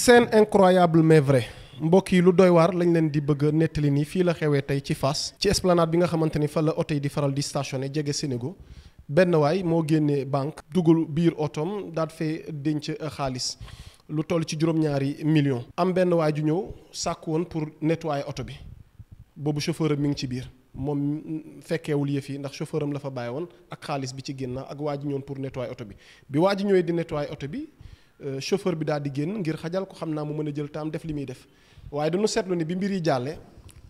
seen incroyable mais vrai mbokk yi lu doy waar lañ leen di bëgg a nettali nii fii la xewee tey ci fas ci esplanade bi nga xamante ni fa la oto yi di faral di stationné jege Sénégal benn waay moo génnee banque dugal biir otoom daat fee denc xaalis lu toll ci juróom-ñaari million am benn waay ju ñëw sàkk woon pour nettoyer oto bi boobu chauffeur mi ngi ci biir moom fekkeewul yëf yi ndax chauffeur am la fa bàyyi woon ak xaalis bi ci génn ak waa ji pour nettoyer oto bi bi waa ji ñëwee di nettoyer oto bi Euh, chauffeur bi daal di génn ngir xajal ko xam naa mu mën a jël taam def li muy def waaye dañu seetlu ni bi mbir yi jàllee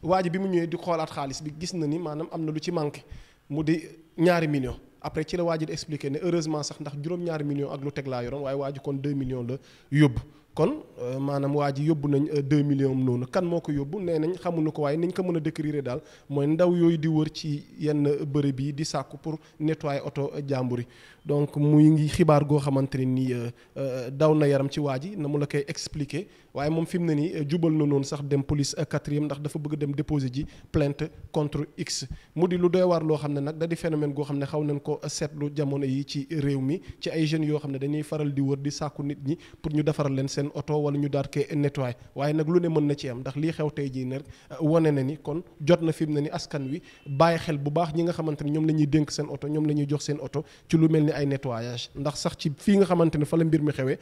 waa bi mu ñëwee di xoolaat xaalis bi gis na ni maanaam am na lu ci manqué mu di ñaari million après ci la waa di expliqué ne heureusement sax ndax juróom-ñaari million ak lu teg laa yoroon waaye waa ji kon 2 millions la yóbbu kon euh, maanaam waa ji yóbbu nañ 2 euh, millions am noonu kan moo ko yóbbu nee nañ xamuñu ko waaye niñ ko mën a décrire daal mooy ndaw yooyu di wër ci yenn bërëb yi di sàkku pour nettoyer oto jàmbur yi donc muy ngi xibaar goo xamante ne nii euh, daw na yaram ci waa ji na mu la koy expliquer waaye moom fi mu ne nii jubal na noonu sax dem police quatrième ndax dafa bëgg dem déposer ji plainte contre X mu di lu doy war loo xam ne nag da di phénomène goo xam ne xaw nañ ko seetlu jamono yi ci réew mi ci ay jeunes yoo xam ne dañuy faral di wër di sàkku nit ñi pour ñu defaral leen seen oto wala ñu daat koy nettoyer waaye nag lu ne mën na ci am ndax lii xew tey jii nag uh, wane na ni kon jot na fi mu ne ni askan wi bàyyi xel bu baax ñi nga xamante ne ñoom la ñuy dénk seen oto ñoom la ñuy jox seen oto ci lu mel ni ay nettoyage ndax sax ci fii nga xamante ne fa la mbir mi xewee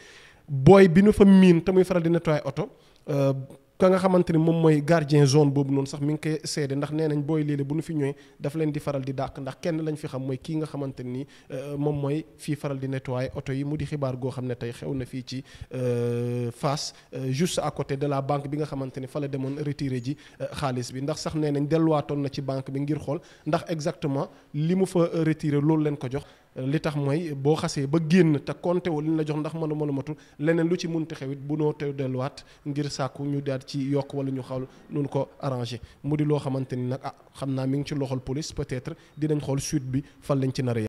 booy bi nu fa miin te muy faral di nettoyer oto uh, ka nga xamante ni moom mooy gardien zone boobu noonu sax mu ngi koy seede ndax nee nañ booy léeg bu ñu fi ñooy daf leen di faral di dàq ndax kenn lañ fi xam mooy kii nga xamante ni euh, moom mooy fii faral di nettoyer oto yi mu di xibaar goo xam ne tey xew na fii ci euh, Fass euh, juste à côté de la banque bi nga xamante ni fa la demoon retiré ji xaalis bi ndax sax nee nañ delluwaatoon na ci banque bi ngir xool ndax exactement li mu fa retiré loolu leen ko jox li tax mooy boo xasee ba génn te compté wu li ñu la jox ndax mënu mënu matul leneen lu ci munti xew it bu noo te delluwaat ngir sàkku ñu daat ci yokk wala ñu xaw nunu ko arrangé mu di loo xamante ni nag ah xam naa mi ngi ci loxol police peut-être dinañ xool suite bi fan lañ ci nar a